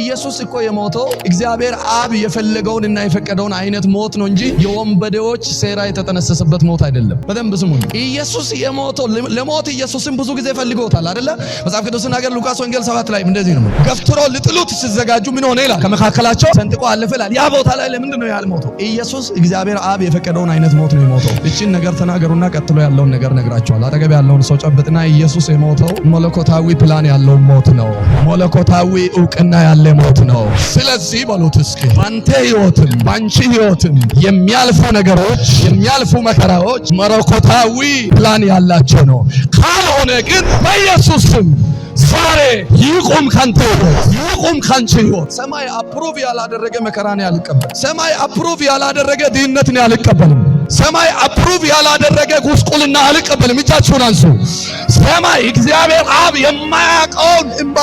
ኢየሱስ እኮ የሞተው እግዚአብሔር አብ የፈለገውን እና የፈቀደውን አይነት ሞት ነው እንጂ የወንበዴዎች ሴራ የተጠነሰሰበት ሞት አይደለም። በደንብ ስሙ። ኢየሱስ የሞተው ለሞት ኢየሱስን ብዙ ጊዜ ፈልገውታል አይደለ? መጽሐፍ ቅዱስ ሲናገር ሉቃስ ወንጌል ሰባት ላይ እንደዚህ ነው፣ ገፍትሮ ሊጥሉት ሲዘጋጁ ምን ሆነ ይላል፣ ከመካከላቸው ሰንጥቆ አለፈ ይላል። ያ ቦታ ላይ ለምንድን ነው ሞተው? ኢየሱስ እግዚአብሔር አብ የፈቀደውን አይነት ሞት ነው የሞተው። እችን ነገር ተናገሩና ቀጥሎ ያለውን ነገር ነግራቸዋል። አጠገብ ያለውን ሰው ጨብጥና ኢየሱስ የሞተው መለኮታዊ ፕላን ያለው ሞት ነው። መለኮታዊ እውቅና ያለ ሞት ነው። ስለዚህ በሉት እስኪ ባንተ ህይወትም ባንቺ ህይወትም የሚያልፉ ነገሮች የሚያልፉ መከራዎች መለኮታዊ ፕላን ያላቸው ነው። ካልሆነ ግን በኢየሱስ ስም ዛሬ ይቁም ካንተ ህይወት ይቁም ካንቺ ህይወት። ሰማይ አፕሮቭ ያላደረገ መከራን ያልቀበል። ሰማይ አፕሮቭ ያላደረገ ድህነትን ያልቀበልም። ሰማይ አፕሩቭ ያላደረገ ጉስቁልና አልቀበልም። እጃችሁን አንሱ። ሰማይ እግዚአብሔር አብ የማያውቀውን እምባ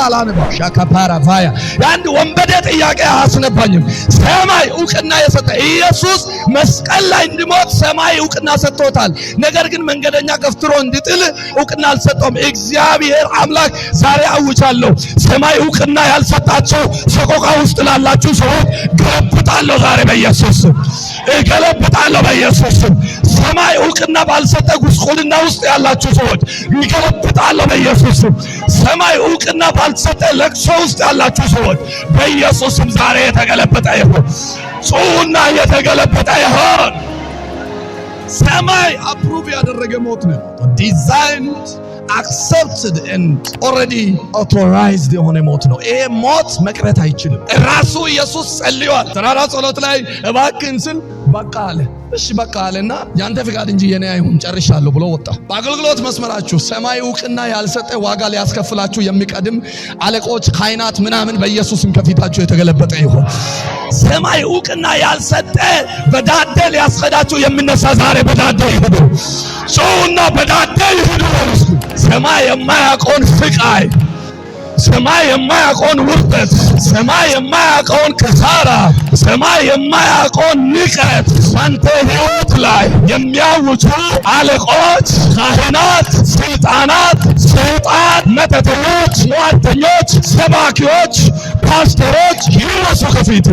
ሻካፓራ ፋያ የአንድ ወንበዴ ጥያቄ አያስነባኝም። ሰማይ እውቅና የሰጠ ኢየሱስ መስቀል ላይ እንዲሞት ሰማይ እውቅና ሰጥቶታል። ነገር ግን መንገደኛ ገፍትሮ እንዲጥል እውቅና አልሰጠውም። እግዚአብሔር አምላክ ዛሬ አውቻለሁ፣ ሰማይ እውቅና ያልሰጣቸው ሰቆቃ ውስጥ ላላችሁ ሰዎች ገብታለሁ ዛሬ በኢየሱስ እገለብጣለሁ በኢየሱስ ስም። ሰማይ እውቅና ባልሰጠ ጉስቁልና ውስጥ ያላችሁ ሰዎች እገለብጣለሁ በኢየሱስ ስም። ሰማይ እውቅና ባልሰጠ ለቅሶ ውስጥ ያላችሁ ሰዎች በኢየሱስ ስም ዛሬ የተገለበጠ ይሁን። ጽሁና የተገለበጠ ይሁን። ሰማይ አፕሩቭ ያደረገ ሞት ነው ዲዛይን አክሰፕትድ ኤንድ ኦልሬዲ ኦቶራይዝድ የሆነ ሞት ነው። ይሄ ሞት መቅረት አይችልም። ራሱ ኢየሱስ ጸልዮአል። ተራራ ጸሎት ላይ እባክህን ስል በቃ አለ። እሺ በቃ ያንተ ፍቃድ እንጂ የኔ አይሁን ጨርሻለሁ ብሎ ወጣ። በአገልግሎት መስመራችሁ ሰማይ እውቅና ያልሰጠ ዋጋ ሊያስከፍላችሁ የሚቀድም አለቆች፣ ካይናት ምናምን በኢየሱስም ከፊታችሁ የተገለበጠ ይሆን። ሰማይ እውቅና ያልሰጠ በዳደ ሊያስከዳችሁ የሚነሳ ዛሬ በዳደ ይሁዱ ሰውና በዳደ ይሁዱ። ሰማይ የማያውቀውን ፍቃይ ሰማይ የማያውቀውን ውርደት ሰማይ የማያውቀውን ከሳራ ሰማይ የማያውቀውን ንቀት ባንተ ህይወት ላይ የሚያውጁ አለቆች፣ ካህናት፣ ስልጣናት፣ ሰይጣን፣ መተተኞች፣ ሟርተኞች፣ ሰባኪዎች፣ ፓስተሮች ይነሱ ከፊት